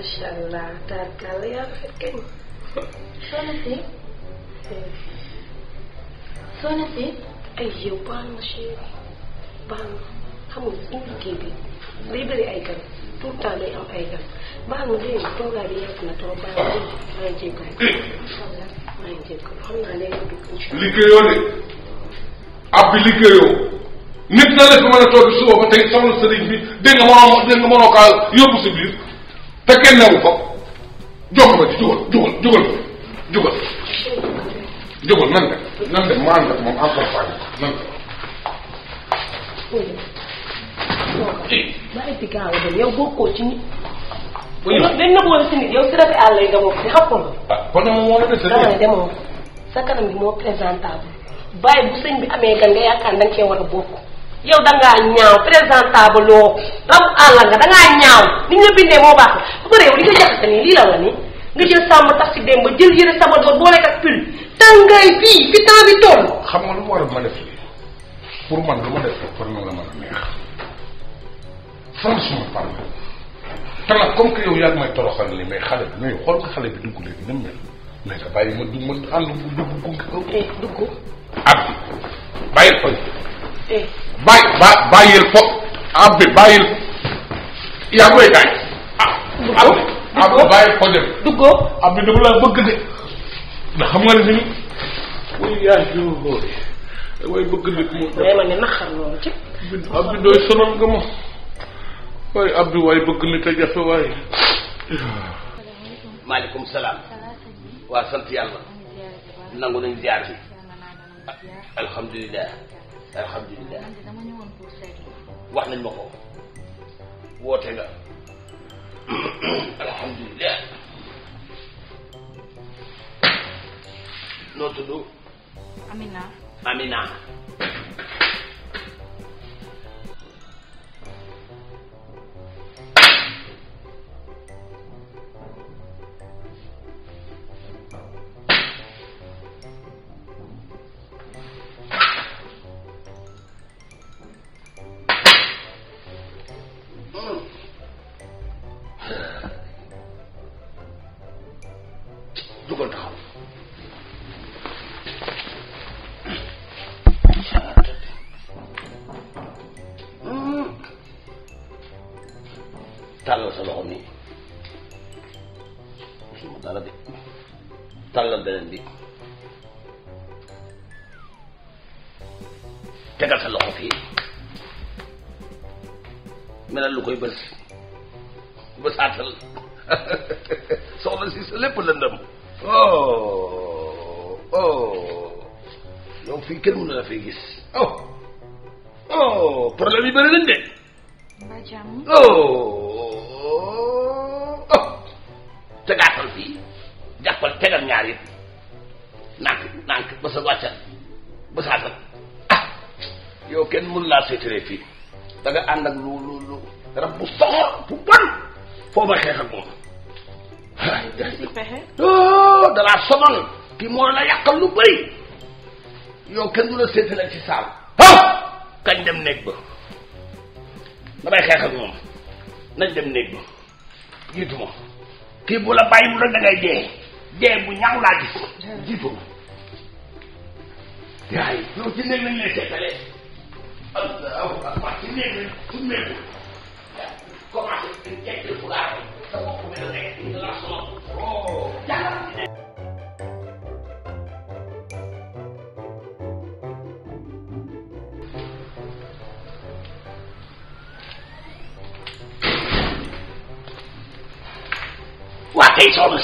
macha allah taarkaal yaa fekkee soxna si soxna si ay yow baal ma chéri baal ma xam liggéey bi day bëri ay gan tout le temps baal ma dégg nga toogaay bi na trop baal ma dégg maa ngi jéggaay maa ngi jéggaay xam naa léegi dugg incha allah liggéeyoo de ab bi liggéeyoo nit na la fi mën a toog nga mënoo dégg nga mënoo kaa te kenn newu ko jox ko ci jugal jugal jugal jugal jugal nan dem nan dem mu ànd ak moom encore fàggu nan dem yow bokkoo ci nit dañ na boole si nit yow si rabi àll yi nga bokk si xappul ah, kon na moom la dama ne demoo sa kanam bi moo présentable bàyyi bu sëñ bi amee gan nga yaakaar da nga cee war a bokk yow da ngaa ñaaw présentable loo am àll nga da ñaaw ni ñu moo baax bu ko réew li nga jaxase nii lii la la ni nga jël sàmm tax si démb jël yëre sama doon boo lekk ak pull tàngaay bii fi temps xam nga lu ma war a ma def pour man lu ma def pour man la mën a neex franchement parle te nag comme que yow yaa may xale bi mais xool nga xale bi dugg léegi nam mel mais bàyyi ma dugg ma ànd dugg dugg dugg. dugg ab bàyyi xol. bàyyi ba bàyyil fo abbi bàyyil yaa ngi koy gaañ. ah ab ab bàyyil fo dem. duggoo abbi dama laa bëgg de. ndax xam nga ne suñu. wuy yaa jógoo waaye bëgg nit mu. mais ma ne naxar loolu ci. abbi dooy sonal nga ma waaye abbi waaye bëgg nit a jafe waaye. maaleykum salaam. waa sant yàlla. nangu nañ ziar bi. alhamdulilah. alhamdulilah wax nañ ma ko woote nga alhamdulilah noo tudd Amina Amina tàllal sa loxo nii suma dara de tàllal beneen bi tegal sa loxo fii melal lu koy bës bës àttal soxna si sa lépp lëndëm oh oh yow fii kenn mënu la fay gis oh oh problème yi bëri nañ ba sa wàccal ba sa àggal ah yow kenn mënu laa seetalee fii da lu lu lu rab bu soxor bu bon foo may xeex moom ah oh, dalaa sonal kii moo la yàqal lu bëri yow kenn la seetalee ci saal ah kañ dem néeg ba damay xeex ak moom nañ dem néeg ba jiitu ma kii bu la bàyyi bu la dangay dee dee bu ñaaw laa gis jiitu ma gars yi ñoom ci néeg lañ lay seetalee wax ci néeg lañ suñu néegu commencé di jekk fulaar sa bopp oh,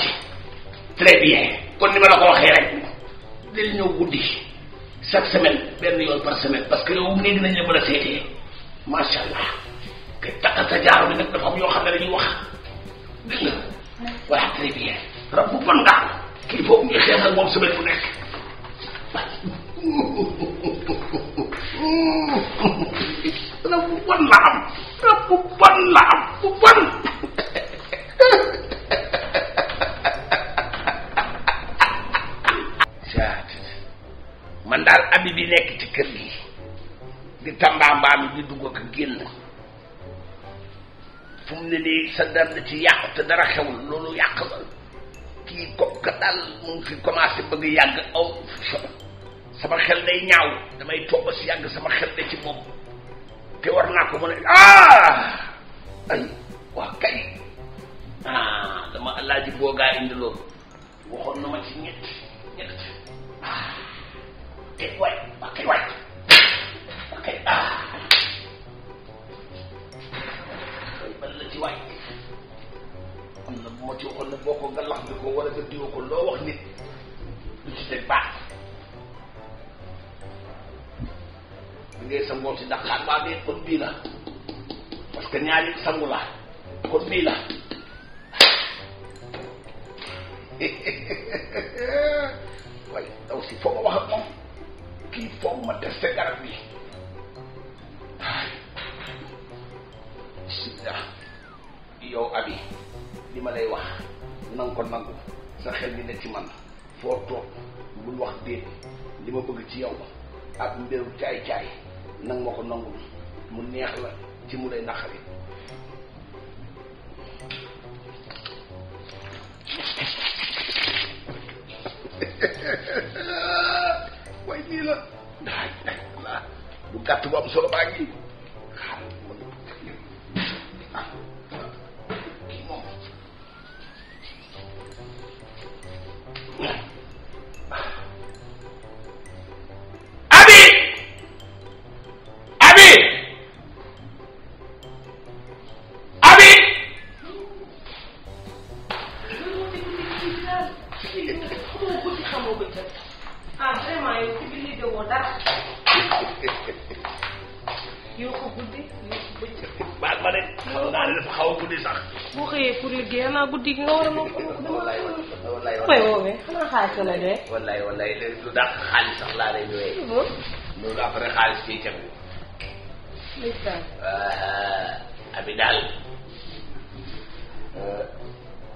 si très bien kon ni ma la ko waxee rek del ñëw guddi chaque semaine benn yoon par semaine parce que yow nii dinañ a seetee macha allah te takkal sa jaaro bi nag dafa am yoo xam ne dañuy wax nga voilà très bien rab bu bon daal kii moom semaine bu nekk rab bu bon la am rab man daal abi bi nekk ci kër gi di tambaambaam di dugg ak génn fu ne nii sa dara ci yàqu te dara xewul loolu yàq la kii ka daal mu fi commencé bëgg yàgg aw sama xel day ñaaw damay toog si yàgg sama xel da ci moom te war naa ko mën a ah! ay waa kay ah dama alaaji boogaa indi loolu waxoon na ma ci ñett teg waay wàqil waay wàqil ah koy ban la ci waay am na bu ma ci waxoon ne boo ko bi ko wala nga diwa ko loo nit du ci teg baax da ngay sangoo si daqaar baa dee kon bii la parce que ñaari si foo ma wax kii foog ma testé garab bi yow abi li ma lay wax na nga ko nangu sa xel mi ne ci man foo toog bul wax déet li ma bëgg ci yow ak mbiru caay-caay nang ma ko nangul mu neex la ci mu lay naqari gàtt bu am solo baa ngi boutique nga war a ma may woowee xanaa xaalis la lay doyee wallaay wallaay léegi lu dàq xaalis sax laa lay doyee loolu après xaalis bi tegu abi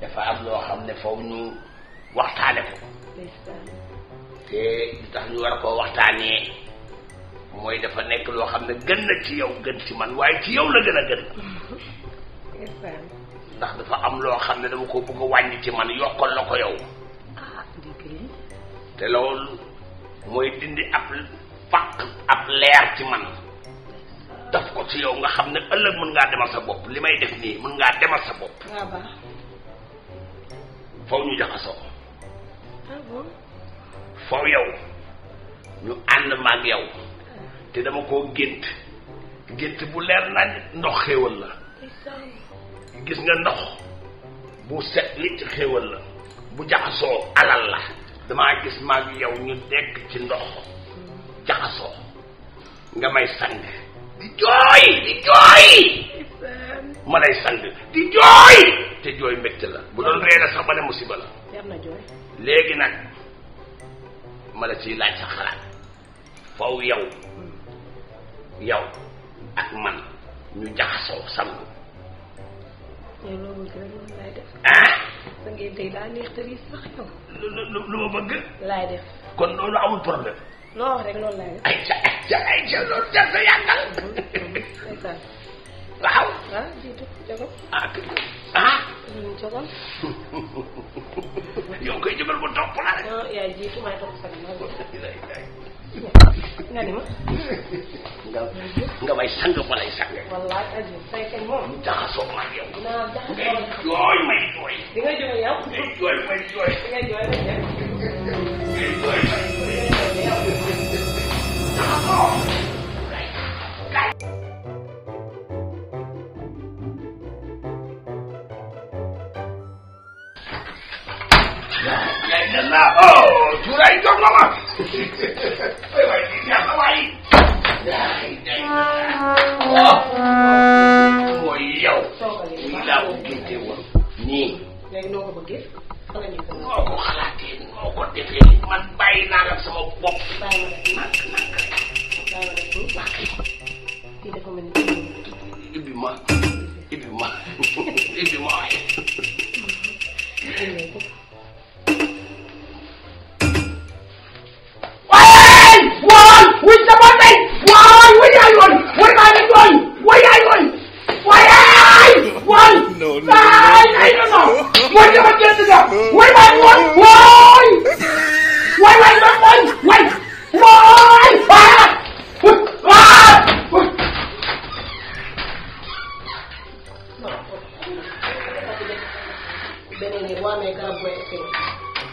dafa am loo xam ne foofu ñu waxtaane ko te li tax ñu war koo waxtaanee mooy dafa nekk loo xam ne gën na ci yow gën ci man waaye ci yow la gën a gën ndax dafa am loo xam ne dama ko bëgg a wàññi ci man yokkal la ko yow ah, te loolu mooy dindi ab faq ab leer ci man daf ko ci yow nga xam ne ëllëg mën ngaa demal sa bopp li may def nii mën ngaa demal sa bopp ah, faw ñu jaxasoo ah, faw yow ñu ànd maag yow te dama koo gént gént bu leer na ndox xéewal la gis nga ndox bu set nit xéewal la bu jaxasoo alal la dama gis maag yow ñu dekk ci ndox jaxasoo nga may sang di jooy di jooy ma lay sang di jooy te jooy mbégte la bu doon ree la sax ma ne musiba la léegi nag ma la ciy laaj sa xalaat faw yow yow ak man ñu jaxasoo sangu Ah? lu ma bëgg. laay def. kon loolu amul problème. loo wax loolu laay def. ay ca ay ca loolu ca sa yàggal. waaw. Ah, jiitu jogo. ah kii koy jëmal bu topp la rek. Ah, nga ni ma. nga nga may sang ma lay sang. wallaahi aji say kenn moom. jaxasoo ma yow. naa jaxasoo ngay jooy may jooy. di nga jooy yow. ngay jooy may jooy. di nga jooy may jooy. ngay jooy may jooy. jaxasoo. Yeah, yeah, yeah. Oh, do I don't know what? way mooy yow nii laa ko génte woon nii léegi noo ko bëggee noo ko xalaatee noo ko defee man bàyyi naa ma ibbi ma ma waaye no, no. I, I don't know. What do I get to go? Wait, wait, wait, why? Wait, wait, wait, wait, wait. Why? Ah! Ah! Benene wa me ga bo efe.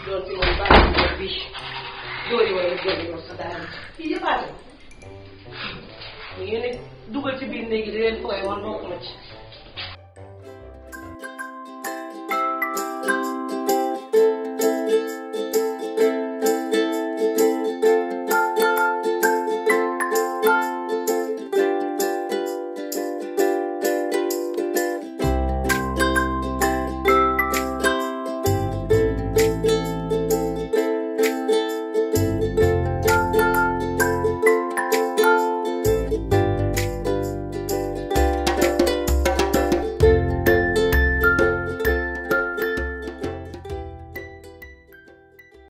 Do ti mo ba ni bi. Do ri wa ni do so da. Ki je ba. Ni ne dugal ci biir néegi di leen fooy woon bokk ma ci.